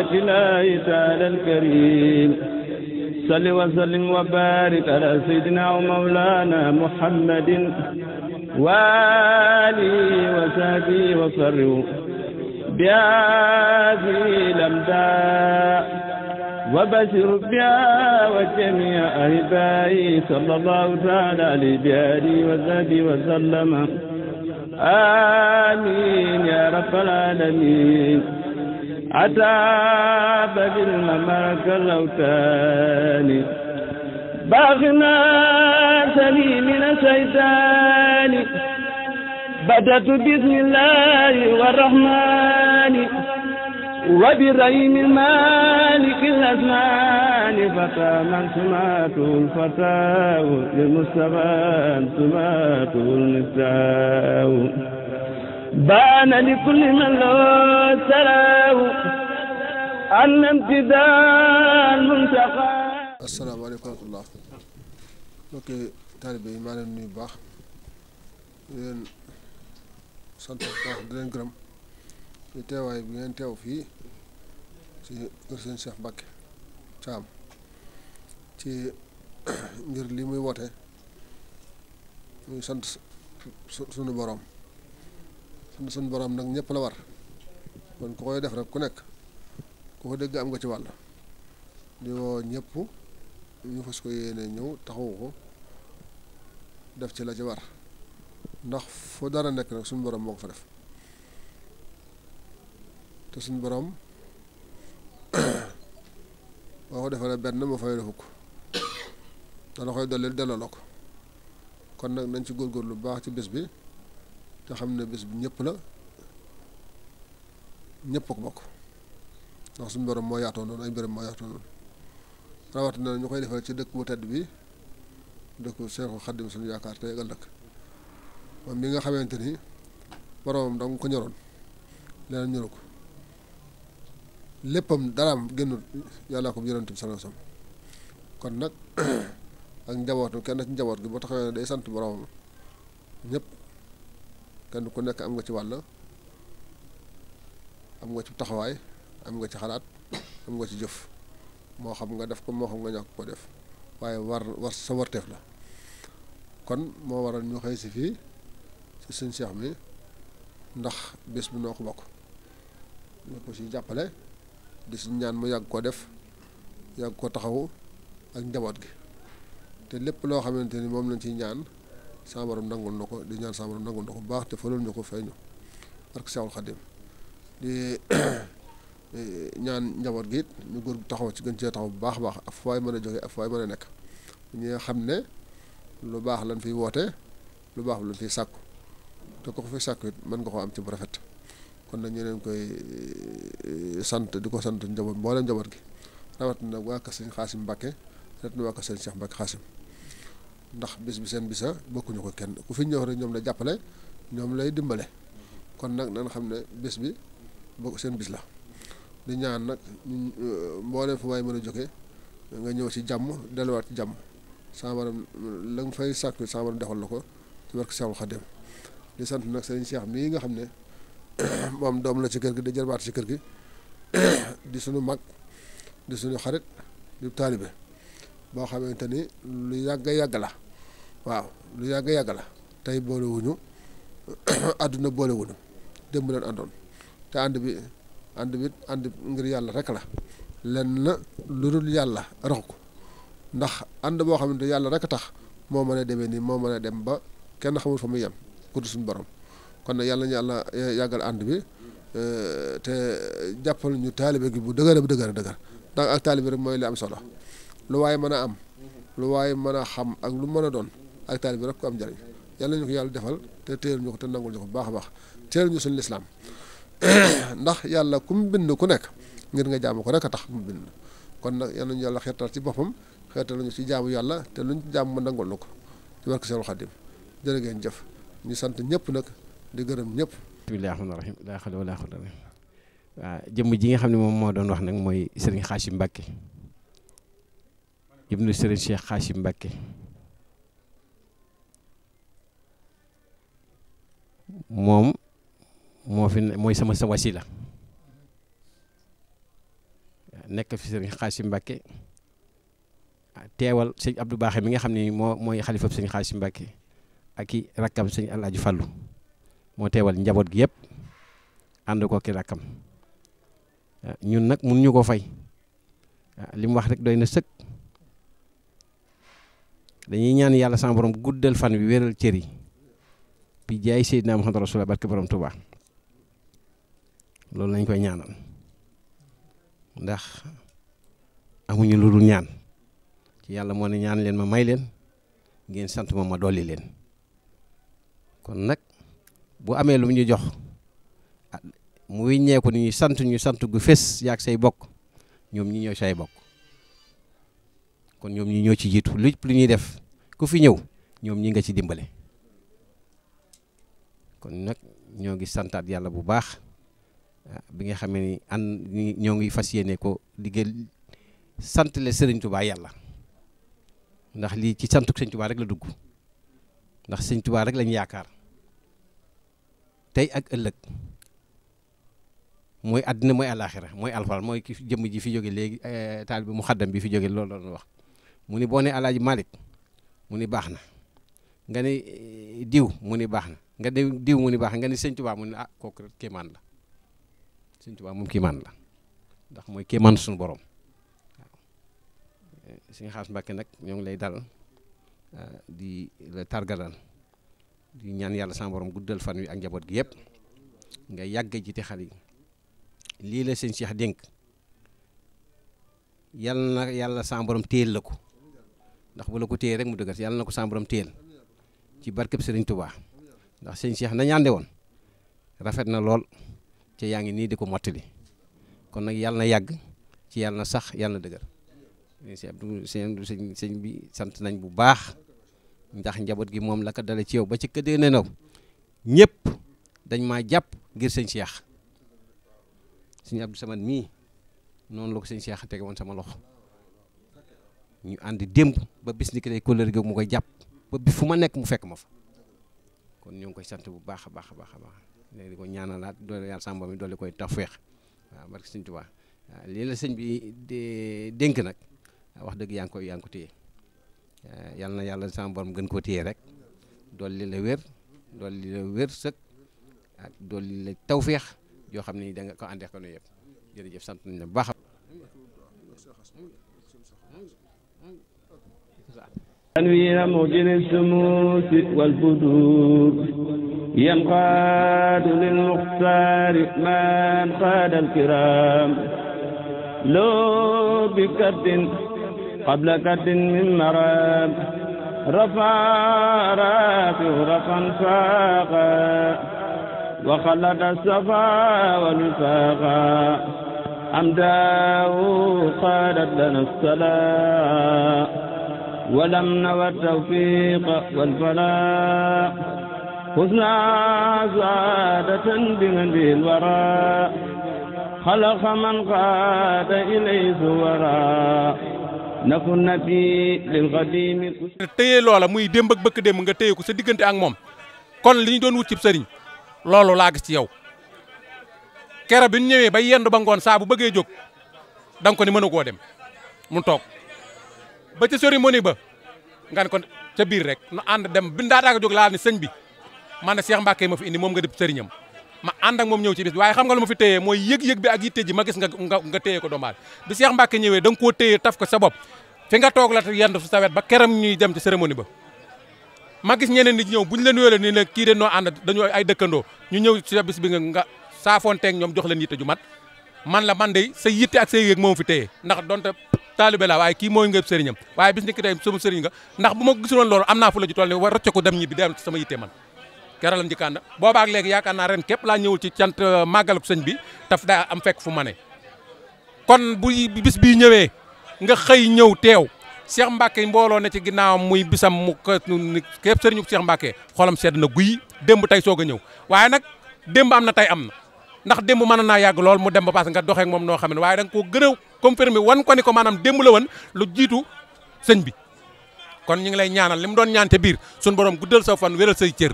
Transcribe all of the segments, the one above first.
رحمة الله تعالى الكريم صل وسلم وبارك على سيدنا ومولانا محمد وآله وصحبه وسلم بهذه الأمداء وبشر بها وجميع أحبائي صلى الله تعالى عليه بآله وصحبه وسلم آمين يا رب العالمين عتاب بالمملك الأوتان باغنا سلي من الشيطان بدأت بسم الله والرحمن وبريم المالك الأزمان فتى من سماته الفتاة للمصطفى سماته المفتاح بان لكل من لو تراه أن امتداد منتقى asalaamaaleykum wa rahmatulah mbokk taalibe baax ngeen fii ci ngir lii muy woote muy sant sunu borom suñ boroom nag ñëpp la war kon ko koy def rek ku nekk ku ko dégg am nga ci wàll di woo ñëpp ñu fas ko yéene ñëw taxawu ko def ci la ci war ndax fu dara nekk nag suñu borom moo ko fa def te suñu boroom boo ko defee benn moo fay defuk dana koy dolli delloo la ko kon nag nañ ci góorgóorlu lu baax ci bés bi. te xam ne bés bi ñëpp la ñëpp ko bokk ndax suñu borom moo yaatoo noonu ay mbiram moo yaatoo noonu rawatina ñu koy defal ci dëkk bu tedd bi dëkk Seexu Xaddim suñu yaakaar tey ëllëg moom mi nga xamante ni boromam danga ko ñoroon leneen ñoru ko léppam daraam génnul yàllaa ko yonent bi sallallahu alayhi kon nag ak njabootu kenn ci njaboot gi boo taxawee ne day sant boromam ñëpp. kenn ku nekk am nga ci wàll am nga ci taxawaay am nga ci xalaat am nga ci jëf moo xam nga def ko moo xam nga ñàkk ko def waaye war war sa warteef la kon moo waral ñu xëy si fii si suñ seex mi ndax bés bu noo ko bokk ñu jàppale di si ñaan mu yàgg koo def yàgg ko taxawu ak njaboot gi te lépp loo xamante ni moom lañ ci ñaan sama borom nangul na ko di ñaan sama borom nangul na ko baax te falul ñu ko fay ak barke Seexul Xadim di ñaan njaboot gi it ñu góor taxaw ci gën cee taxaw bu baax baax ak fooy mën a jógee ak fooy mën a nekk ñi nga xam ne lu baax lañ fi woote lu baax lañ fi sàkku te ko fi sàkku it mën nga ko am ci bu rafet kon nag ñu leen koy eh, sant di ko sant njaboot mboolem njaboot gi rawat na waa Kër Sëñ Xaasim Mbàkke ret na waa Kër seen Cheikh Mbàkke ndax bis bi seen bisa bokkuñu ko kenn ku fi ñëw rek ñoom la jàppale ñoom lay dimbale kon nag nañ xam ne bis bi bokk seen bis la di ñaan nag euh, mboolem fu waay mën a jóge nga ñëw ci jàmm delluwaat ci jàmm sama borom la nga fay sàkku sama borom la ko ci barke Seexul Xadim di sant nag sëriñ Cheikh mii nga xam ne moom doom la ci kër gi di jërbaat ci kër gi di suñu mag di suñu xarit di taalibe boo xamante ni lu yàgg yàgg la waaw lu yàgg yàgg la tey boolewuñu àdduna boolewuñu démb leen àndoon te ànd bi ànd bi ànd ngir yàlla rek la lenn lu dul yàlla raxu ko ndax ànd boo xamante yàlla rek tax moo mën a demee nii moo mën a dem ba kenn xamul fa mu yem ku dul suñu borom kon nag yàlla ñu yàlla yàggal ànd bi euh, te jàppal ñu taalibe gi bu dëgër bu dëgër dëgër ndax ak taalibe rek mooy li am solo. lu waaye mën a am lu waaye mën a xam ak lu mën a doon ak bi rek ko am njëriñ yàlla ñu ko yàlla defal te téyel ñu ko te nangul ñu bu baax a baax téyel ñu suñu lislaam ndax yàlla ku mu bind ku nekk ngir nga jaamu ko rek a tax mu bind kon nag yal nañu yàlla xeetal ci boppam xeetal lañu ci jaamu yàlla te luñ ci jaamu ma nangul na ko ci barke Seexul Xaadim jërë ngeen jëf ñu sant ñëpp nag di gërëm ñëpp bismillaahi rahmaani rahiim laa xawla wa laa quwwata waaw jëmm ji nga xam ne moom moo doon wax nag mooy Serigne Khassim Mbacké ibnu sëriñ Cheikh Xaasim Mbàkke moom moo fi mooy sama sa la nekk fi sëriñ Xaasim Mbàkke ah, teewal sëñ Abdou Baaxe mi nga xam ne moo mooy xalifab sëñ Xaasim Mbàkke ak i rakkam sëñ Alaaji Fàllu moo teewal njaboot gi yëpp ànd ko ki rakkam ah, ñun nag mënuñu ko fay ah, li mu wax rek doy na sëkk dañuy ñaan yàlla sama borom guddal fan bi wéral cër yi bi jaay Seydina Muhammad Rasulullah barke borom Tuubaa loolu lañ koy ñaanal ndax amuñu lu dul ñaan ci yàlla moo ne ñaan leen ma may leen ngeen sant ma ma dolli leen kon nag bu amee lu mu ñu jox ah, mu wéññeeku ni ñuy sant ñu sant gu fés ak say bokk ñoom ñi ñëw say bokk kon ñoom ñi ñoo ci jiitu lépp lu ñuy def ku fi ñëw ñoom ñi nga ci dimbale kon nag ñoo ngi santaat yàlla bu baax ah, bi nga xamee ni ànd ñoo ngi fas yéene ko liggéey sant le sëriñ Touba yàlla ndax lii ci santuk sëñ Touba rek la dugg ndax sëñ Touba rek lañ yaakaar tey ak ëllëg mooy àddina mooy àllaaxira mooy alxuraan mooy ki jëmm ji fi jóge léegi eh, taal bi mu xaddam bi fi jóge loolu la wax mu ni boo ne alaaji Malick mu ni baax na nga ni eh, diw mu ni baax na nga ni diw mu ni baax na nga ni sëñ Tuubaa mu ni ah kooku kéemaan la sëñ Tuubaa moom kéemaan la ndax mooy kéemaan suñu boroom waaw eh, sëñ Xaas Mbàkke nag ñoo ngi lay dal ah, di la targalal di ñaan yàlla sama borom guddal fan wi ak njaboot gi yëpp nga yàgg ji te xale yi lii la sëñ Cheikh dénk yàlla na yàlla sama borom téel la ko ndax bu la ko téye rek mu dëgër yàlla na ko sàmbaram téyel ci barkeb Sëriñ Tuubaa ndax sëñ Cheikh nañu ànde woon rafet na lool ci yaa ngi nii di ko mottali kon nag yàlla na yàgg ci yàlla na sax yàlla na dëgër sëñ sëñ bi sant nañ bu baax ndax njaboot gi moom la ko dale ci yow ba ci këddee ne naw ñëpp dañ maa jàpp ngir sëñ Cheikh sëñ Abdou Samad mii noonu la ko sëñ Cheikh tege woon sama loxo ñu ànd démb ba bis ni ki tey kóllëre googu mu koy jàpp ba bi fu ma nekk mu fekk ma fa kon ñoo ngi koy sant bu baax a baax a baax a baax léegi di ko ñaanalaat doole yàlla sàmba mi doole koy tawfeex waaw barke sëñ lii la sëñ bi dénk nag wax dëgg yaa ngi koy yaa ngi ko téye yal na yàlla sama borom gën koo téye rek dool dolli la wér dolli la wér sëg ak dolli la tawféex yoo xam ne da nga ko àndee ko ne yëpp jërëjëf sant nañ la bu baax تنوير موجل الشموس والبدور ينقاد للمختار ما انقاد الكرام لو بكرد قبل كرد من مرام رفع رافع رفعا فاقا وخلد الصفا والوفاقا أمداه قادت لنا الصلاة والأمن والتوفيق والفلاح حسنا سعادة بمن به الورى خلق من قاد إليه سورا نكن في للقديم téye loola muy démb bëkk démb nga téye ko sa diggante ak moom kon li ñu doon wut cib sëriñ loolu laa gis ci yow kera bi ñu ñëwee ba yendu ba ngoon saa bu bëggee jóg danga ko ni mënu koo dem mu toog ba ca cérémonie ba nga ne kon ca biir rek nu ànd dem bi daataa ko jóg laal ni sëñ bi man na Cheikh Mbacke ma fi indi moom nga dëpp sëriñam ma ànd ak moom ñëw ci bis bi waaye xam nga lu ma fi téyee mooy yëg-yëg bi ak yitte ji ma nga nga nga téyee ko doomaal bi Cheikh Mbacke ñëwee da nga koo téyee taf ko sa bopp fi nga toog la yendu ba keram ñuy dem ci cérémonie ba ma gis ñeneen nit ñëw bu ñu leen yoolee ni ne kii de noo ànd dañu ay dëkkandoo ñu ñëw ci bis bi nga nga saafoonteeg ñoom joxleen leen yitte ju mat man la man dey sa yitte ak say yéeg moom fi téye ndax donte taalibe la waaye kii mooy nga sëriñam waaye bis ni ki tey sama sëriñ ndax bu ma gisuloon loolu am naa fu la ci toll ne war rocce ko dem ñibbi dem sama yitte man keral lam njëkkaan na boobaak léegi yaakaar ci cant euh, màggalu sëñ bi taf daa am fekk fu ma ne kon bu bis bii ñëwee nga xëy ñëw teew Cheikh Mbacke mbooloo ne ci ginnaawam muy bisam mu képp sëriñu Cheikh Mbacke xolam sedd na guy démb tey soog a ñëw waaye nag démb am na tey am na ndax démb mën naa yàgg lool mu dem ba paase nga doxee ak moom noo xam ne waaye da nga koo gën a confirmer wan ko ko maanaam démb la woon lu jiitu sëñ bi kon ñu ngi lay ñaanal li mu doon ñaan te biir suñu borom guddal sa fan wéral say cër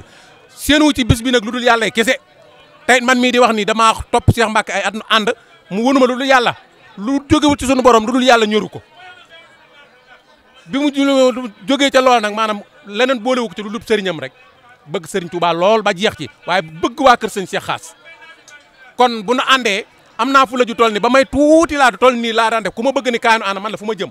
wu ci bis bi nag lu dul yàlla kese tey man mii di wax nii damaa topp seex Mbacke ay at nu ànd mu wënuma lu dul yàlla lu jógewut ci suñu borom lu dul yàlla ñoru ko bi mu jógee ca lool nag maanaam leneen boolewu ko ci lu dul sëriñam rek bëgg sëriñ Touba lool ba jeex ci waaye bëgg waa kër sëñ Cheikh Xaas kon bu nu àndee am naa fu la ju toll ni ba may tuuti laa du toll nii laa ku ma bëgg ni kaanu ana man la fu ma jëm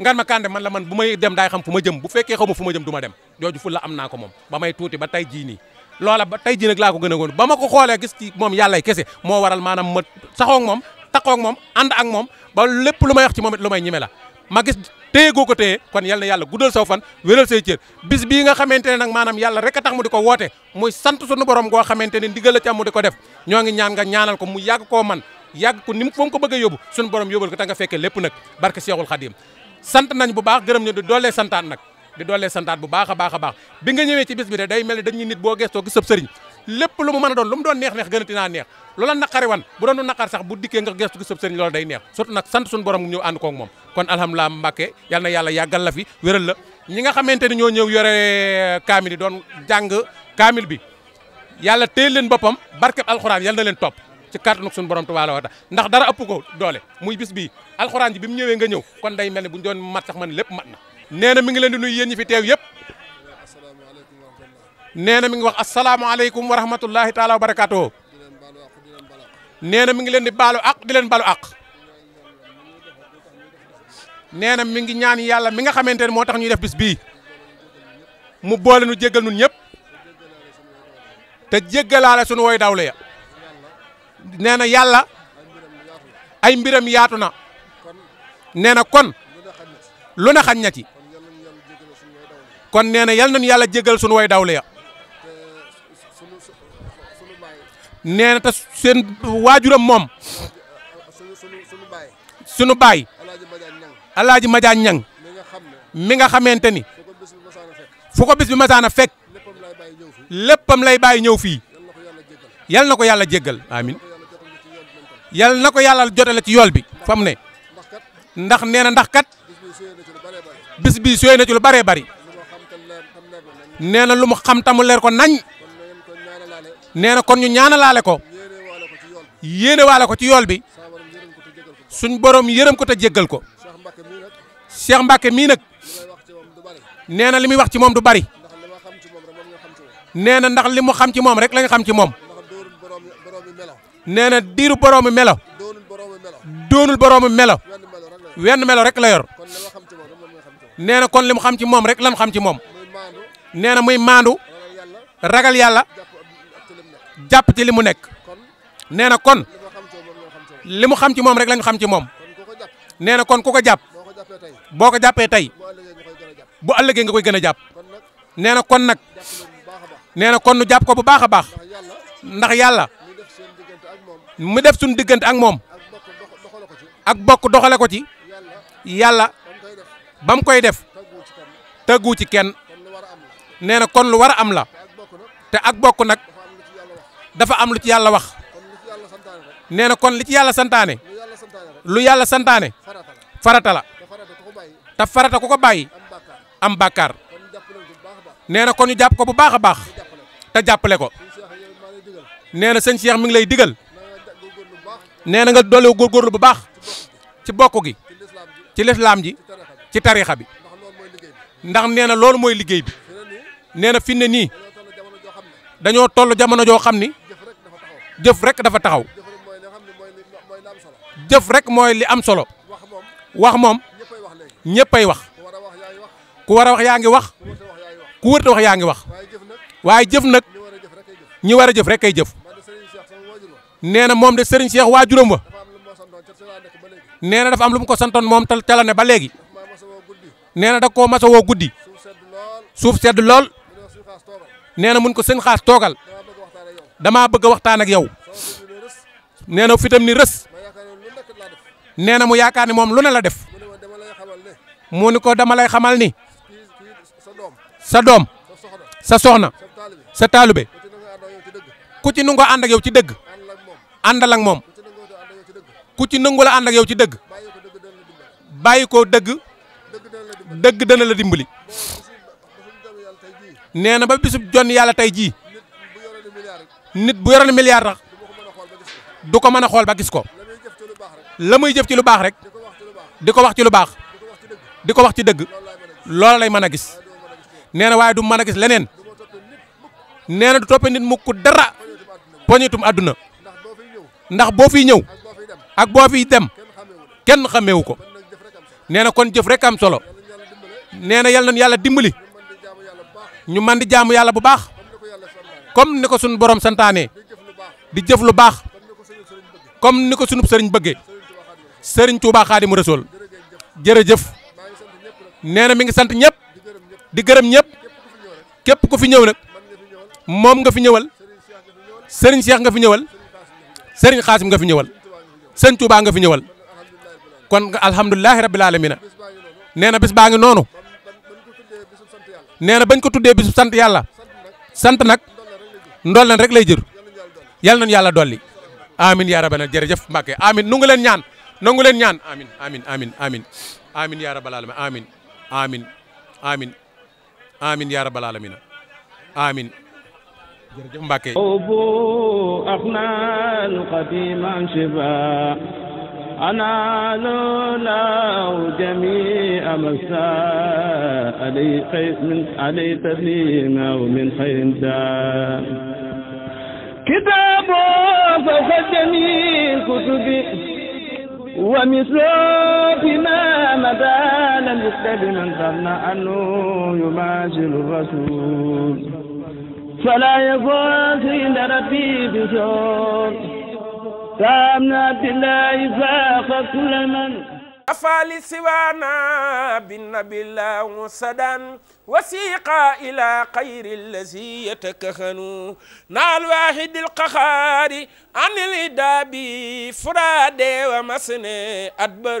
ngan ma kande man la man bu may dem daay xam fu ma jëm bu fekkee xaw ma fu ma jëm du ma dem jooju fu la am naa ko moom ba may tuuti ba tey jii nii loola ba tey jii nag laa ko gën a ba ma ko xoolee gis ci moom yàllay kese moo waral maanaam ma saxoog moom taqoog moom ànd ak moom ba lépp lu may wax ci moom it lu may ñime la ma gis téye goo ko téye kon yal na yàlla guddal saw fan wéral say cër bis bii nga xamante ne nag maanaam yàlla rek a tax mu di ko woote muy sant sunu borom goo xamante ne ndigal la ci am mu di ko def ñoo ngi ñaan nga ñaanal ko mu yàgg koo man yàgg ko ni mu ko bëgg a yóbbu sunu borom yóbbal ko te nga lépp nag barke Seexul Xadim sant nañ bu baax gërëm ñu di doolee santaat nag di doolee santaat bu baax a baax a baax bi nga day mel ni dañuy nit boo gestoo gis sab lépp lu mu mën doon lu mu doon neex neex gënati naa neex loola naqari wan bu doon naqar sax bu dikkee nga gestu sëb sëriñ loolu day neex surtout nag sant suñu borom ñëw ànd koog moom kon alhamdulilah Mbàkke yal na yàlla yàggal la fi wéral la ñi nga xamante ni ñoo ñëw yore kaamil yi doon jàng kaamil bi yalla téel leen boppam barkeb alxuraan yalla na leen topp ci kàttanu suñu borom tubaab la wata ndax dara ëpp ko doole muy bis bii alxuraan ji bi mu ñëwee nga ñëw kon day mel ne bu ñu doon mat sax man lépp mat na nee na mi ngi leen di nuyu yéen fi teew yëpp nee na mi ngi wax asalaamaaleykum wa rahmatullahi taala wa barakaatu. nee na mi ngi leen di baalu ak di leen baalu àq. nee na mi ngi ñaan yàlla mi nga xamante ne moo tax ñuy def bis bii. mu boole nu jéggal nun ñëpp. te jéggalaale sunu woy dawle ya. nee na yàlla. ay mbiram yaatu na. nee na kon. lu ne xañ na ci. kon nee na yal nañu yàlla jéggal sunu woy dawle ya nee na te seen waajuram moom sunu baay alaaji Madiagne Niang mi nga xamante ni fu ko bis bi masaana fekk léppam lay bàyyi ñëw fii yal na ko yàlla jéggal amin yal na ko yàlla la ci yool bi fam ne ndax nee na ndax kat bis bi sooy na ci lu bëree bëri nee na lu mu xam tamu leer ko nañ nee na kon ñu ñaanalaale ko yéene waale ko ci yool bi suñ borom yërëm ko te jéggal ko Cheikh Mbacke mii nag nee na li mu wax ci moom du bari nee na ndax li mu xam ci moom rek la ñu xam ci moom nee na diiru boroomu melo doonul boroomu melo wenn melo rek la yor nee na kon li mu xam ci moom rek lan xam ci moom nee na muy maandu ragal yàlla. jàpp ci li mu nekk nee na kon li mu xam ci moom rek lañu xam ci moom nee na kon ko ko jàpp boo ko jàppee tey bu ëllëgee nga koy gën a jàpp nee na kon nag nee na kon nu jàpp ko bu baax a baax ndax yàlla mu def suñu diggante ak moom ak bokk doxale ko ci yàlla ba mu koy def tëggu ci kenn nee na kon lu war a am la te ak bokk nag. dafa am lu ci yàlla wax nee na kon li ci yàlla santaane lu yàlla santaane farata la te farata ku ko bàyyi am bàkkaar nee na kon ñu jàpp ko bu baax a baax te jàppale ko nee na sëñ Cheikh mi ngi lay digal nee na nga doole góorgóorlu bu baax ci bokk gi ci lislaam ji ci tariixa bi ndax nee na loolu mooy liggéey bi nee na fi ne nii dañoo toll jamono joo xam ni jëf rek dafa taxaw jëf rek mooy li am solo wax moom ñëppay wax ku war a wax yaa ngi wax ku wërta wax yaa ngi wax waaye jëf nag ñi war a jëf rek ay jëf nee na moom de Serigne Cheikh waajuram wa nee na dafa am lu mu ko santoon moom tal tala ne ba léegi nee na da koo masa woo guddi suuf sedd lool nee na mun ko sëñ xaas toogal damaa bëgg a waxtaan ak yow nee na fitam ni rës nee na mu yaakaar ni moom lu ne la def mu ni ko dama lay xamal ni sa doom sa soxna sa taalube ku ci nangoo ànd ak yow ci dëgg àndal ak moom ku ci nangu la ànd ak yow ci dëgg bàyyi ko dëgg dëgg dana la dimbali nee na ba bisub jon yàlla tey jii nit bu yoroon milliard tax du ko mën a xool ba gis ko la muy jëf ci lu baax rek di ko wax ci lu baax di ko wax ci dëgg loola lay mën a gis nee na waaye du man a gis leneen nee na du toppee nit mukk dara poñitum àdduna ndax boo fiy ñëw ak boo fiy dem kenn xameewu ko nee na kon jëf rek am solo nee na yal yàlla dimbali ñu man di jaamu yàlla bu baax. comme ni ko suñu borom santaane di jëf lu baax comme ni ko suñu sëriñ bëggee sëriñ Touba Xaadimu Rasuul jërëjëf nee na mi sant ñëpp di gërëm ñëpp képp ku fi ñëw nag moom nga fi ñëwal sëriñ Cheikh nga fi ñëwal sëriñ Xaasim nga fi ñëwal sëriñ Touba nga fi ñëwal kon alhamdulilahi rabbil alamina nee na bés baa ngi noonu nee na bañ ko tuddee bisu sant yàlla sant nag. ndool leen rek lay jër yal nañu yàlla dolli amin yaa rabbana jërëjëf Mbacke amin nu ngi leen ñaan nangu leen ñaan amin amin amin amin amin yaa rabbal alamin amin amin amin amin yaa rabbal alamin amin jërëjëf Mbacke أنال له جميع مساء علي خير من علي تسليما ومن خير دار كتاب فوق جميع كتبي ومثله بما مدى لم يكتب من ظن أنه يماثل الرسول فلا يفوز عند ربي بشوق سامنا بالله فاق كل من أفعل سوانا بالنبي الله سدان وسيق إلى خير الذي يتكهن نال واحد القهار عن الإداب فراد ومسن أدبر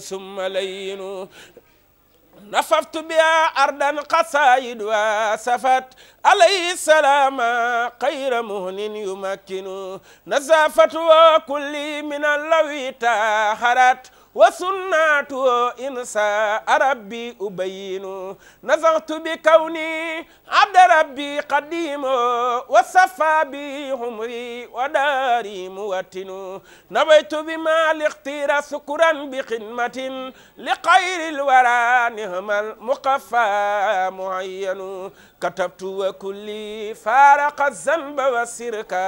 ثم لين نففت بها أرضا قصائد وسفت عليه السلام خير مهن يمكن نزافة وكل من اللوي تاهرت wa sunnatu insa rabbi ubayinu nazartu bi kawni abda rabbi qadimu wa safa bi humri wa dari muwattinu nawaytu bi ma liqtira sukuran bi xidmatin li xayril wara nihmal muqaffa muhayyanu katabtu wa kulli faraqa zanba wa sirka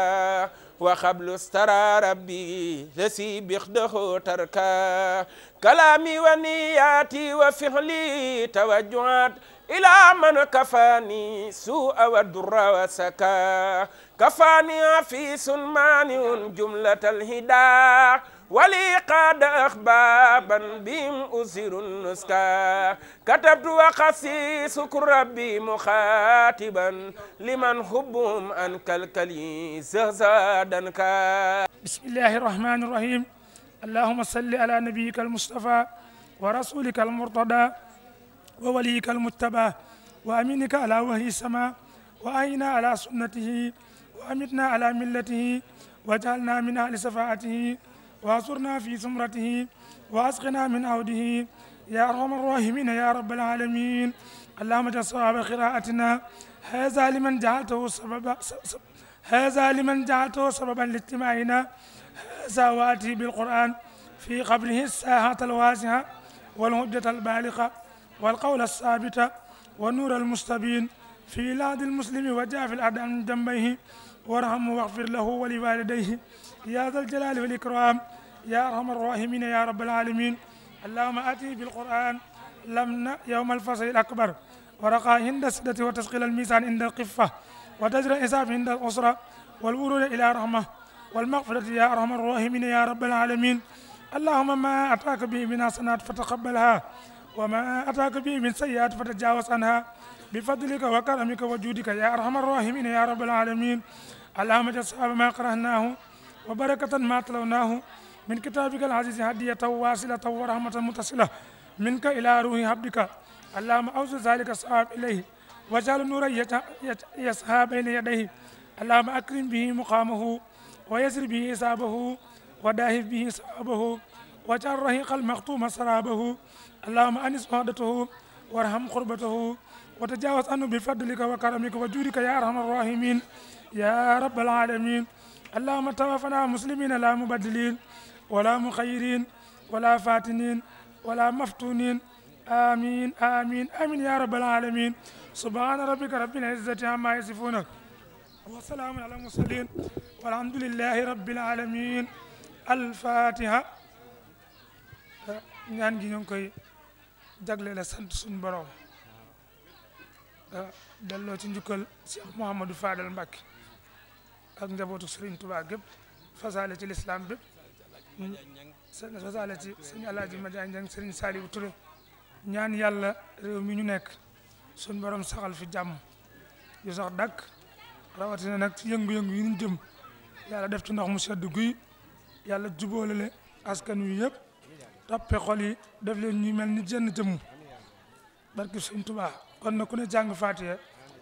وقبل استرى ربي لسي بخده تركا كلامي ونياتي وفعلي توجعات إلى من كفاني سوء والضر وسكا كفاني عفيس مانع جملة الهداه ولي قاد أخبابا بهم أسر النسكا كتبت وخصيص ربي مخاطبا لمن حبهم أنك الكلي سهزادنك بسم الله الرحمن الرحيم اللهم صل على نبيك المصطفى ورسولك المرتضى ووليك المتبى وأمينك على وهي السماء وأينا على سنته وأمتنا على ملته وجعلنا من أهل سفاعته وأسرنا في سمرته وأسقنا من عوده يا أرحم الراحمين يا رب العالمين اللهم اجعل صواب قراءتنا هذا لمن جعلته سببا هذا لمن جعلته سببا لاجتماعنا هذا وآتي بالقرآن في قبله الساحة الواسعة والهجة البالغة والقول الثابت والنور المستبين في بلاد المسلم وجاف الأرض عن جنبيه وارحمه واغفر له ولوالديه يا ذا الجلال والإكرام يا أرحم الراحمين يا رب العالمين اللهم آتي بالقرآن لمن يوم الفصل الأكبر ورقى عند السدة وتسقيل الميزان عند القفة وتجرى الإنسان عند الأسرة والورود إلى رحمة والمغفرة يا أرحم الراحمين يا رب العالمين اللهم ما أتاك به من حسنات فتقبلها وما أتاك به من سيئات فتجاوز عنها بفضلك وكرمك وجودك يا أرحم الراحمين يا رب العالمين اللهم جل ما قرأناه wa barakatan ma talawnaahu min kitabika al-azizi hadiyatan wasilatan wa rahmatan mutasilatan minka ila ruhi abdika allahumma awsi zalika saab ilayhi wajal nuura yashaa bayna yadayhi allahumma akrim bihi muqaamahu wa yassir bihi isaabahu wa daahif bihi sawabahu wajal rahiqal maxtuuma saraabahu allahumma anis ohdatahu warham xurbatahu wa tajaawaz anhu bi fadlika wa karamika wa juudika ya arhamar rahimin ya rabbal alamin اللهم توفنا مسلمين لا مبدلين ولا مخيرين ولا فاتنين ولا مفتونين آمين آمين آمين يا رب العالمين سبحان ربك رب العزة عما يصفون وسلام على المرسلين والحمد لله رب العالمين الفاتحة ñaan gi ñu ngi koy jagle la sant suñu borom delloo ci njukkal Cheikh Mouhamadou Fadal Mbacké ak njabootu Serigne Touba gépp fasaale ci lislaam bépp fasaale ci sëñ Alaaji Madiagne ñaan yàlla réew mi ñu nekk suñ borom saxal fi jàmm yu sax dak rawatina nag ci yëngu-yëngu yi jëm yàlla def ci ndox mu sedd guy yàlla jubóolale askan wi yëpp toppe xol yi def le ñuy mel ni jenn jëmm barki Sëñ Tuubaa kon na ku ne faatiye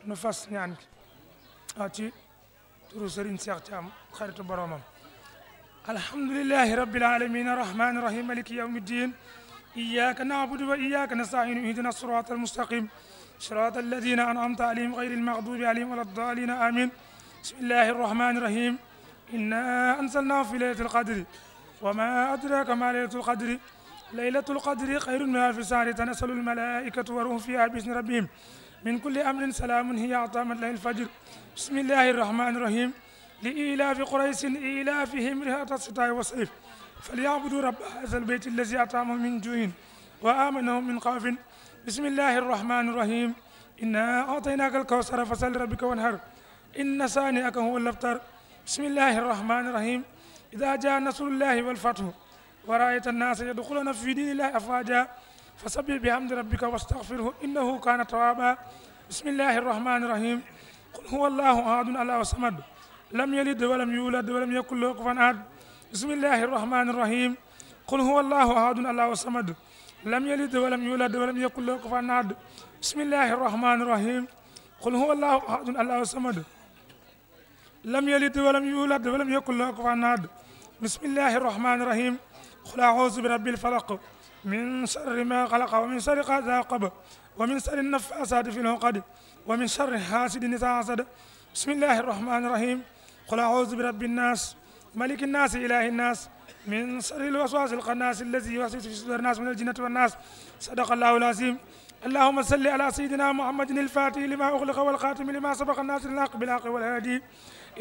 nu fas ñaan ki turu Serigne Cheikh Thiam xaritu boromam alhamdulillahi rabbil alamin arrahmani rahim maliki yawmi ddin iyyaka na'budu wa iyyaka nasta'in ihdina sirata almustaqim sirata alladhina an'amta alayhim ghayri almaghdubi alayhim wala ddallin amin bismillahi arrahmani arrahim inna anzalnahu fi laylatil qadri wa ma adraka ma laylatul qadri laylatul qadri khayrun min alfi shahrin tanazzalu almalaikatu wa ruhu fiha bi izni rabbihim min kulli amrin salamun hiya hatta matla'il fajr bismillahi irrahmani irrahim li ilaafi quraysin ilaafihim rihata sitaa'i wa sayf falya'budu rabba haazal bayti allazi at'amahum min juu'in wa aamanahum min xawfin bismillahi irrahmani irrahim inna a'taynaaka alkawsara fasalli rabbika wanhar inna saani'aka huwa al-abtar bismillahi irrahmani irrahim idaa jaa nasrullahi walfathu wa ra'ayta annaasa yadxuluuna fi diinillahi afwaajaa fasabbih bihamdi rabbika wastaghfirhu innahu kaana tawwaaba bismillahi irrahmani irrahim qul huwa allahu ahadun allahu samad lam yalid walam yulad walam yakun lahu kufuwan ahad bismillahi rahmani rahim qul huwa allahu ahadun allahu samad lam yalid walam yulad walam yakun lahu kufuwan ahad bismillahi rahmani rahim qul huwa allahu ahadun allahu samad lam yalid walam yulad walam yakun lahu kufuwan ahad bismillahi rahmani rahim qul a'uuzu bi rabbil falaq min sharri ma xalaqa wa min sharri ghasiqin idha waqab wa min sharri naffasaati fil 'uqad wa min charri haasidin idaa hasad bismillahi rahmaani rahim qul audu bi rabbi nnaas maliki nnaas ilaahi nnaas min charri lwaswaasi lxannaas allazi yuwaswisu fi suduuri nnaas min aljinnati wannaas sadaqa allahu alazim allahuma salli ala sayidina muhammadin alfaatihi lima uxliqa walxaatimi lima sabaqa nnaasiri lhaq bilhaqi walhaadi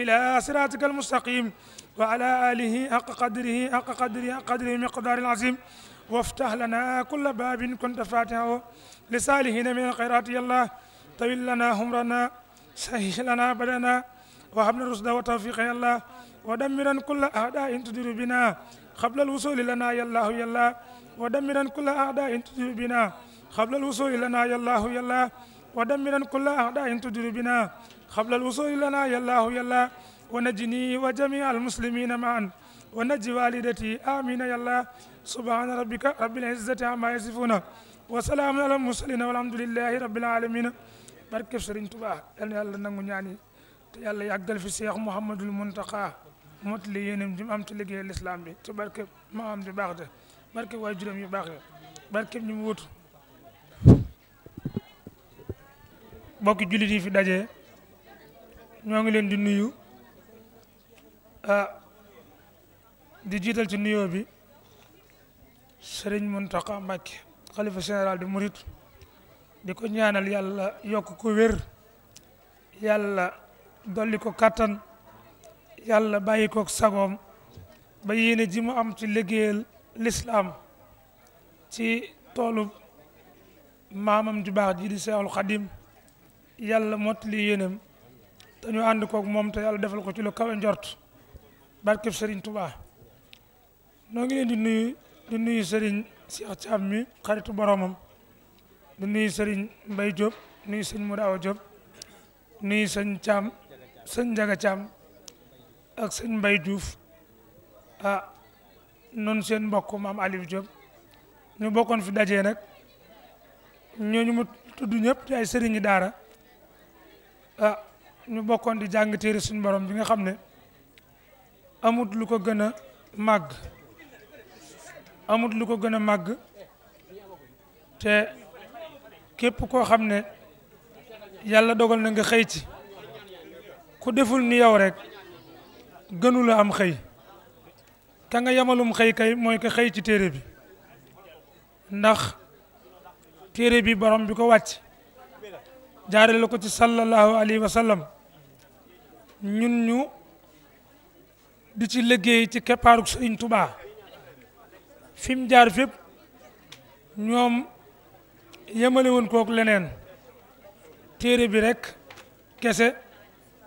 ila siraatika almustaqim wa ala alihi haqqa qadrihi haqqa qadrihi haqqa qadrihi miqdaari alazim وافتح لنا كل باب كنت فاتحه لصالحين من الخيرات يا الله tawil lana humrana sahih lana badana wa habna rusda wa tawfiqa ya allah wa dammiran kulla a'da'in tudiru bina qabla al-wusuli lana ya allah ya allah wa dammiran kulla a'da'in tudiru bina qabla al-wusuli lana ya allah ya allah wa dammiran kulla a'da'in tudiru bina qabla al-wusuli lana ya allah ya allah wa najini wa jami'a al-muslimina ma'an wa najji walidati amina ya allah subhana rabbika rabbil izzati amma yasifuna wa salamun ala al-mursalin walhamdulillahi rabbil alamin barke Sëriñ Tuubaa yal na yàlla nangu ñaan yi te yàlla yàggal fi Cheikh Mouhamadul Mountakha motali yéenam ji mu am ci liggéey lislaam bi te barke maam di baax de barke waajuram yu baax de barke ñu mu wut mbokki jullit yi fi daje ñoo ngi leen di nuyu di jiital ci nuyoo bi Sëriñ Mountakha Mbacké xalifa général de Mouride di ko ñaanal yàlla yokk ko wér yàlla dolli ko kàttan yàlla bàyyi ko sagoom ba yéene ji mu am ci liggéeyal lislaam ci toolu maamam ju baax ji di Seexul Xadim yàlla mottali yéenam te ñu ànd koog moom te yàlla defal ko ci lu kawe njort barkeb Serigne Touba noo di nuyu di nuyu Serigne Cheikh Thiam mi xaritu boromam. di sëriñ Mbaye Diop nuyu sëñ Modou Awa Diop nuyu sëñ Thiam sëñ njaga Thiam ak sëñ mbay Diouf a ah, noonu seen mbokkum am Aliou Diop ñu bokkoon fi dajee nag ñooñu mu tudd ñëpp ci ay sëriñi daara ah ñu bokkoon di jàng téere suñ borom bi nga xam ne amut lu ko gën a màgg amut lu ko gën a màgg képp koo xam ne yàlla dogal na nga xëy ci ku deful ni yow rek gënu am xëy ka nga yamalum xëy kay mooy ko xëy ci téere bi ndax téere bi boroom bi ko wàcc jaare la ko ci sallallahu alayhi wa ñun ñu di ci liggéey ci keppaaruk Sëriñ Tubaa fi jaar fépp ñoom yemalewuñ kook leneen téere bi rek kese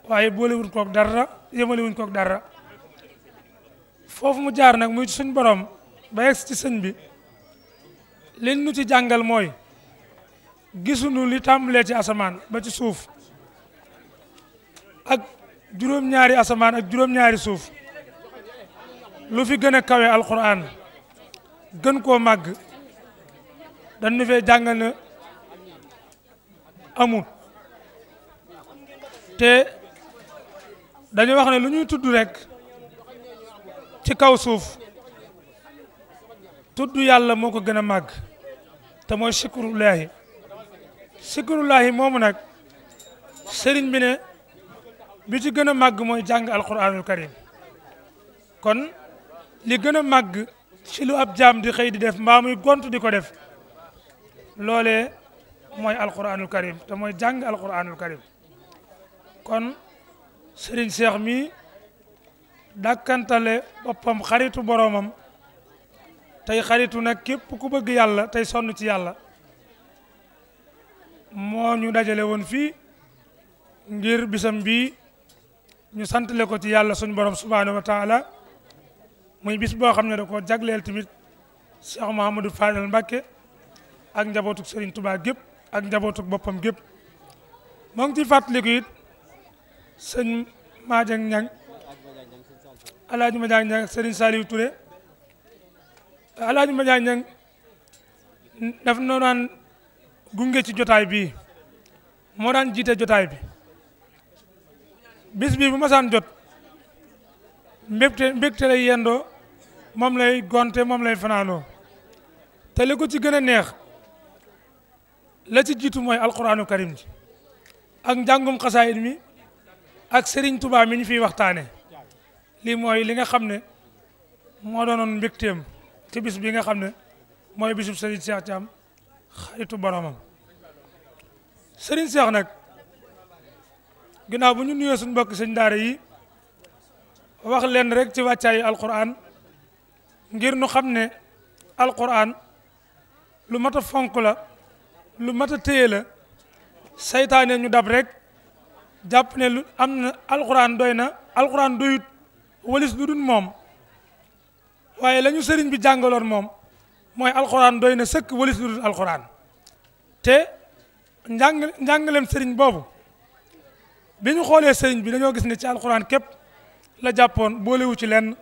waaye boolewuñ kook dara yemalewuñ kook dara foofu mu jaar nag muy suñ borom ba yegg ci sëñ bi liñ nu ci jàngal mooy gisuñu li tàmbalee ci asamaan ba ci suuf ak juróom-ñaari asamaan ak juróom-ñaari suuf lu fi gën a kawe alquran gën koo màgg dañu fee jàngal ne amul te dañu wax ne lu ñuy tudd rek ci kaw suuf tudd yàlla moo ko gën a màgg te mooy sikkurulaahi sikkurulaahi moomu nag sëriñ bi ne bi ci gën a màgg mooy jàng alquranul karim kon li gën a màgg ci ab jaam di xëy di def mbaa muy gont di ko def loole mooy alquranul karim te mooy jàng alquranul karim kon Serigne Cheikh mi dàkkantale boppam xaritu boroomam tey xaritu nag képp ku bëgg yàlla tey sonn ci yàlla moo ñu dajale woon fii ngir bisam bii ñu santale ko ci yàlla suñu borom subhaanahu wa taala muy bis boo xam ne da ko jagleel tamit Cheikh Mouhamadou Fadel Mbacké ak njabootuk Serigne tubaa gépp ak njabootuk boppam gépp moo ngi ciy fàttaliku it sëñ Madiang Ñang alaaji Madiang Ñang Serigne Saliou Touré alaaji Ñang daf noo daan gunge ci jotaay bii moo daan jiite jotaay bi bis bii bu masaan jot mbégte mbégte lay yendoo moom lay gonte moom lay fanaaloo te li ko ci gën a neex la ci jiitu mooy alquraanu karim ak njàngum xasaayit mi ak Serigne Touba mi fi fiy waxtaane lii mooy li nga xam ne moo doonoon mbégteem ci bis bi nga xam ne mooy bisub Serigne Cheikh Thiam xaritu boromam Serigne Cheikh nag ginnaaw bu ñu nuyoo suñu mbokk sëñ daara yi wax leen rek ci wàccaayu alquran ngir nu xam ne alquran lu mat a fonk la lu mat a téye la saytaane ñu dab rek jàpp ne am na alxuraan doy na alxuraan doyut walis lu dul moom waaye la ñu sëriñ bi jàngaloon moom mooy alxuraan doy na sëkk walis lu dul alxuraan te njàng njàngaleem sëriñ boobu bi ñu xoolee sëriñ bi dañoo gis ne ci alxuraan képp la jàppoon boolewu ci lenn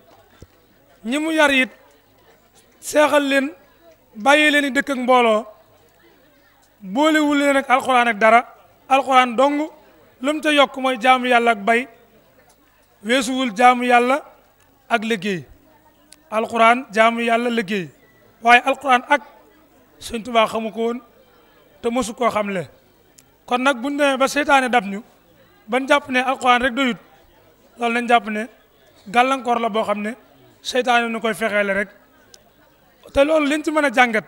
ñi mu yar seexal leen bàyyi leen i dëkk ak mbooloo boolewul leen ak alxuraan ak dara alxuraan dong lu mu ca yokk mooy jaamu yàlla ak bay weesuwul jaamu yàlla ak liggéey alxuraan jaamu yàlla liggéey waaye alxuraan ak Sëñ Tuubaa xamu ko te mosu koo xamle kon nag bu ñu ba seytaane dab ñu ban jàpp ne alxuraan rek doyut loolu nañ jàpp ne gàllankoor la boo xam ne seytaane nu koy fexeele rek te loolu liñ ci mën a jàngat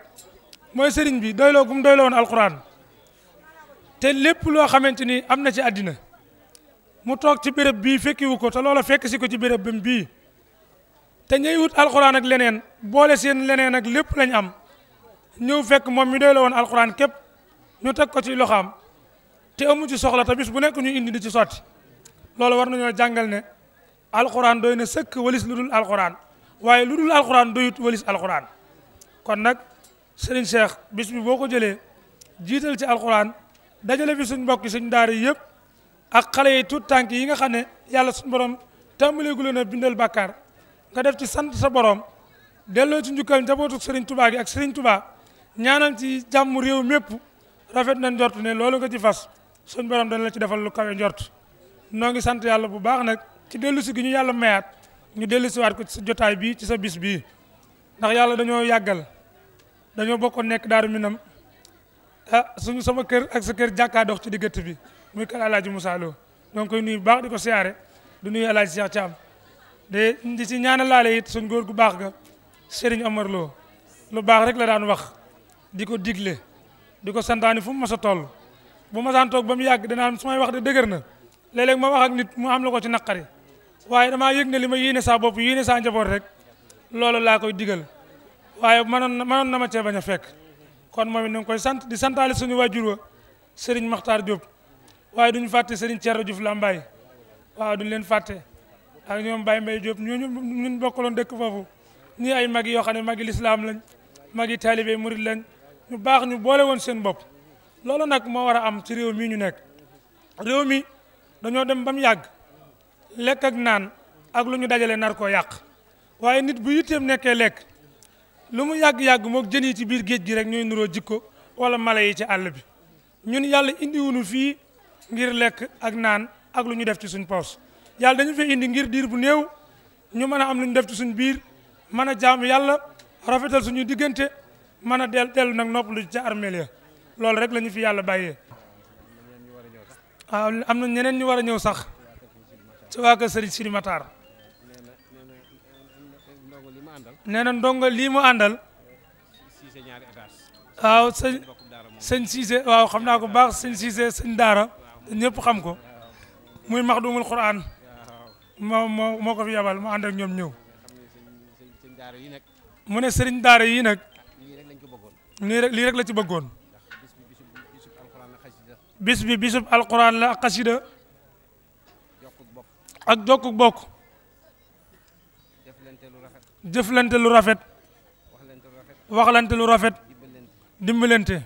mooy sëriñ bi doyloo gum doyloo woon alquran te lépp loo xamante ni am na ci àddina mu toog ci béréb bii fekkiwu ko te loola fekk si ko ci béréb bam bii te ñay wut alquran ak leneen boole seen leneen ak lépp lañ am ñëw fekk moom mi doyloo woon alquran képp ñu teg ko ci am te amu ci soxla tabis bu nekk ñu indi di ci sotti loolo war nañoo jàngal ne alquran doy na sëkk walis lu dul alquran waaye lu dul alquran doyut walis alquran kon nag sëriñ Cheikh bis bi boo ko jëlee jiital ci alxuraan dajale fi suñ mbokk suñ daara yëpp ak xale yi tuut tànk yi nga xam ne yàlla suñ borom tàmbaleegu leen a bindal bàkkaar nga def ci sant sa borom delloo ci njukkal njabootu sëriñ Touba gi ak sëriñ Touba ñaanal ci jàmm réew mépp rafet na njort ne loolu nga ci fas suñ borom dana la ci defal lu kawe njort noo ngi sant yàlla bu baax nag ci dellu si gi ñu yàlla mayaat ñu dellu siwaat ko ci sa jotaay bii ci sa bis bii ndax yàlla dañoo yàggal dañoo bokkoon nekk daaru minam ah suñu sama kër ak sa kër jàkkaa dox ci diggante bi muy kër alaaji Moussa Lo ñoo ngi koy nuyu baax di ko siyaare du nuy alaaji Cheikh Thiam de di si ñaana laale it suñ góor gu baax ga Serigne Omar Lo lu baax rek la daan wax di ko digle di ko santaani fu mu mas a toll bu ma saan toog ba mu yàgg danaan su may wax de dëgër na léeg-léeg ma wax ak nit mu am la ko ci naqari waaye damaa yëg ne li ma yéene saa bopp yéene saa njaboot rek loolo laa koy digal waaye manoon na mënoon na ma cee bañ a fekk kon moom it ñu ngi koy sant di santaale suñu waajur wa Serigne Makhtar Diop waaye duñu fàtte Serigne Thierno Diouf Lambaye waaw duñu leen fàtte ak ñoom Baye Mbaye Diop ñooñu ñun bokkaloon dëkk foofu ñii ay mag yoo xam ne magi lislaam lañ magi taalibe murid lañ ñu baax ñu boole woon seen bopp loolu nag moo war a am ci réew mii ñu nekk réew mi dañoo dem ba mu yàgg lekk ak naan ak lu ñu dajale nar ko yàq waaye nit bu yitteem nekkee lekk lu mu yàgg-yàgg moog jën yi ci biir géej gi rek ñooy nuroo jikko wala mala yi ci àll bi ñun yàlla indiwuñu fii ngir lekk ak naan ak lu ñu def ci suñ poos yàlla dañu fee indi ngir diir bu néew ñu mën a am lu ñu def ci suñ biir mën a jaamu yàlla rafetal suñu diggante mën a del dellu nag nopp lu ca armeel ya loolu rek la ñu fi yàlla bàyyee ah am na ñeneen ñu war a ñëw sax ci waa kër Serigne Sidi Matar nee na ndongo lii mu àndal waaw sëñ sëñ Cissé waaw xam naa ko baax sëñ Cissé sëñ Daara ñëpp xam ko muy maxdumul Quraan moo moo moo ko fi yabal mu ànd ak ñoom ñëw mu ne sëriñ Daara yii nag nii rek lii rek la ci bëggoon bis bi bisub alquran la ak xasida ak jokkuk bokk jëflante lu rafet waxlante lu rafet dimbalante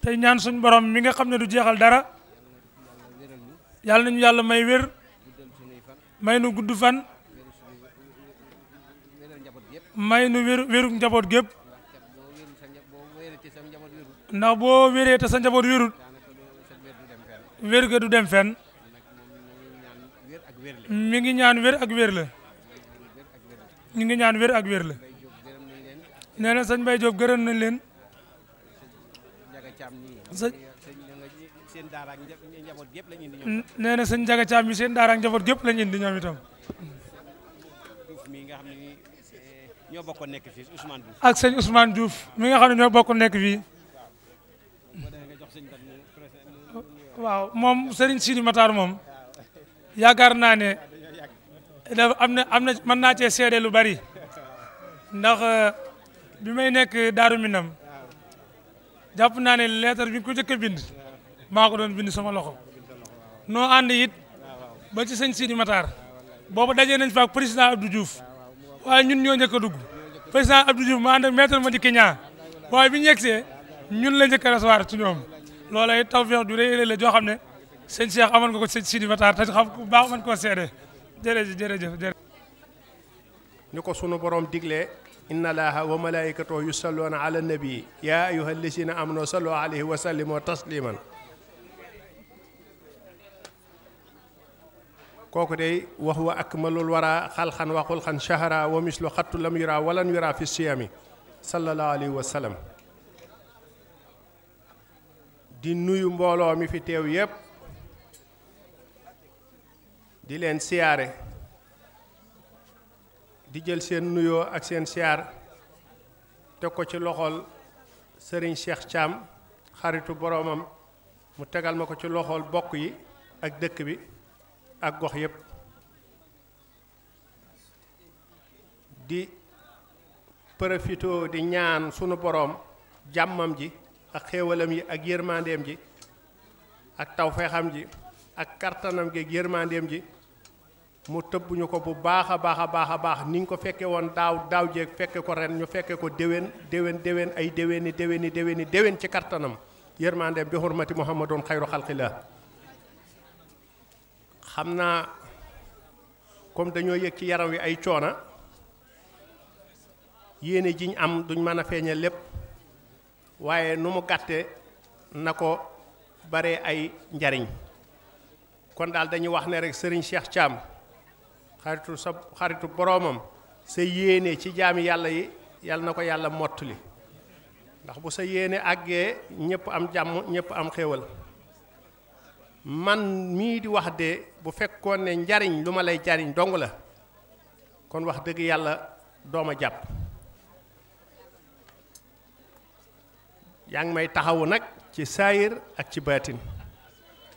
tey ñaan suñu borom mi nga xam ne du jeexal dara yàlla nañu yàlla may wér may nu gudd fan may nu wér wérug njaboot gépp ndax boo wéree te sa njaboot wérut wér ga du dem fenn mi ngi ñaan wér ak wér la ñu ngi ñaan wér ak weer la nee na sëñ Mbaye Diop gërëm nañ leen sëñ nee na sëñ Njaga Caam mi seen daara ak njaboot gépp lañ indi ñoom itam eh, ñoo bokk nekk fii Ousmane Diouf ak sëñ Ousmane Diouf mi nga xam ne ñoo bokk nekk fii waaw moom Serigne Sidi Matar moom yaakaar naa ne am na am na mën naa cee seede lu bari ndax euh, bi may nekk Daaru Minam jàpp naa ne lettre bi ko njëkk bind maa ko doon bind sama loxo noo ànd it ba ci sëñ Sidi Matar boobu dajee nañ fa ak président Abdou Diouf waaye ñun ñoo njëkk a dugg président Abdou Diouf ma ànd ak maître Madické Niang waaye bi ñu yegsee ñun la njëkk a recevoir ci ñoom loola it tawfeex ju rëy la joo xam ne sëñ Cheikh amoon nga ko sëñ Sidi Matar te xam ku baax man koo seede jërëjëf jërëjëf jërëjëf ni ko sunu borom diglee inna allaha wa malaikatahu yusalluna ala nabi ya ayuha alladina amanu sallu alayhi wa sallimu tasliman kooku day wax wa akmalul wara xalxan wa xulxan shahra wa mislu xattu lam yura walan yura fi siyami sallallahu alayhi wa sallam di nuyu mbooloo mi fi teew yépp di leen siyaare di jël seen nuyoo ak seen siyaar teg ko ci loxol sëriñ Cheikh Thiam xaritu boroomam mu tegal ma ko ci loxol bokk yi ak dëkk bi ak gox yépp di profito di ñaan sunu boroom jàmmam ji ak xéewalam yi ak yërmandeem ji ak tawfeexam ji ak kartanam gi ak yërmandeem ji mu tëbbuñu ko bu baax a baax a baax a baax ni ñu ko fekke woon daaw daaw jéeg fekke ko ren ñu fekke ko déwén déwén déwén ay déwéni déwéni déwéni déwén ci kattanam yërmandeem bi xurmati muhammadun xayru xalqillah xam naa comme dañoo yëg ci yaram wi ay coona yéene jiñ am duñ mën a feeñal lépp waaye nu mu gàtte na ko bare ay njariñ kon daal dañuy wax ne rek sëriñ Cheikh Thiam xaritu sa xaritu boroomam sa yéene ci jaam yàlla yi yàlla na ko yàlla mott li ndax bu sa yéene àggee ñëpp am jàmm ñëpp am xéewal man mii di wax de bu fekkoon ne njariñ lu ma lay jariñ dong la kon wax dëgg yàlla dooma jàpp yaa ngi may taxawu nag ci saayir ak ci baatin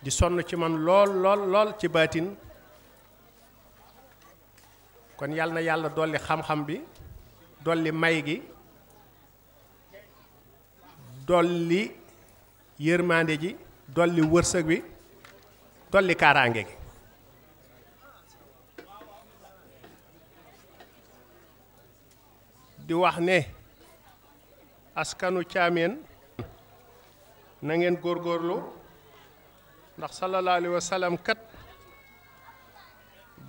di sonn ci man lool lool lool ci baatin kon yàlla na yàlla dolli xam-xam bi dolli may gi dolli yërmande ji dolli wërsëg bi dolli kaaraange gi di wax ne askanu caameen na ngeen góorgóorlu ndax sallallahu alayhi kat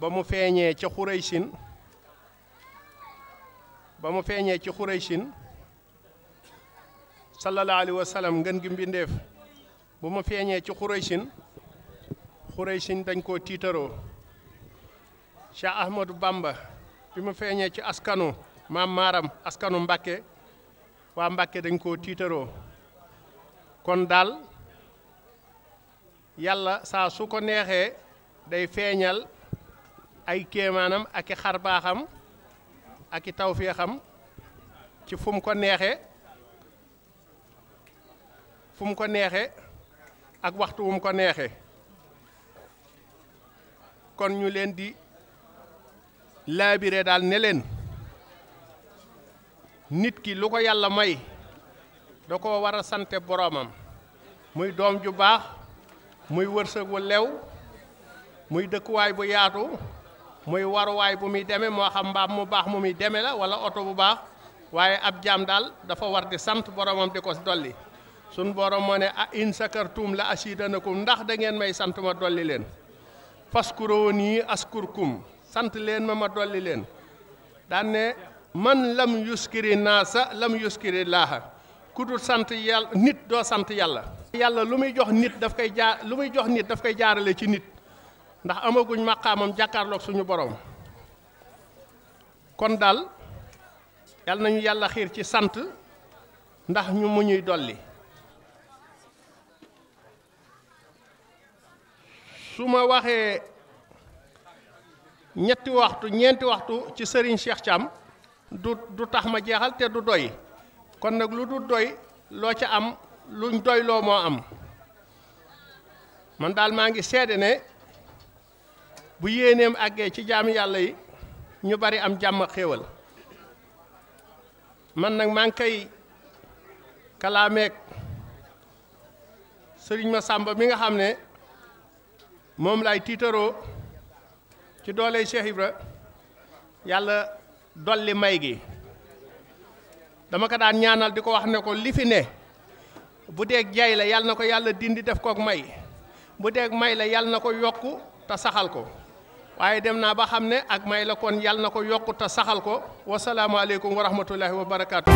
ba mu feeñee ca xuraysin ba mu feeñee ci xuraysin sallallahu alayhi wa sallam gi mbindeef bu mu feeñee ci xuraysin xuraysin dañ koo tiitaroo Cheikh Ahmadou Bamba bi mu feeñee ci askanu maam maaram askanu Mbàkke waa Mbàkke dañ koo tiitaroo kon daal yàlla saa su ko neexee day feeñal ay kéemaanam ak i xar baaxam ak i tawféexam ci fum ko neexe fum ko neexe ak waxtu wu ko neexe kon ñu leen di laabire daal ne leen nit ki lu ko yàlla may da ko war a sante boroomam muy doom ju baax muy wërsëg wu lew muy dëkkuwaay bu yaatu muy waruwaay bu muy demee moo xam mbaam mu baax mu muy demee la wala oto bu baax waaye ab jaam daal dafa war di sant boromam di ko dolli sun borom moo ne a in sakartum la asidanakum ndax da ngeen may sant ma dolli leen faskuroo nii askurkum sant leen ma ma dolli leen daan ne man lam yuskiri naasa lam yuskiri laaha ku dul sant yàlla nit doo sant yàlla yàlla lu muy jox nit daf koy jaar lu muy jox nit daf koy jaarale ci nit ndax amaguñ maqaamam jàkkaarloog suñu borom kon daal yal nañu yàlla xiir ci sant ndax ñu mu ñuy dolli su ma waxee ñetti waxtu ñeenti waxtu ci Serigne Cheikh Thiam du du tax ma jeexal te du doy kon nag lu du doy loo ca am luñ doyloo moo am man daal maa ngi seede ne bu yéeneem àggee ci jaam yàlla yi ñu bari am jàmm xéewal man nag maa ngi kalaameek kalaameeg ma sàmba mi nga xam ne moom lay tiitaroo ci dooley Cheikh Ibra yàlla dolli may gi dama ko daan ñaanal di ko wax ne ko li fi ne bu deeg jay la yàlla na ko yàlla dindi def kook may bu deeg may la yàlla na ko yokk te saxal ko waaye dem naa ba xam ne ak may la kon yàlla na ko yokku saxal ko wasalaamualeykum wa rahmatullahi wa barakaatu.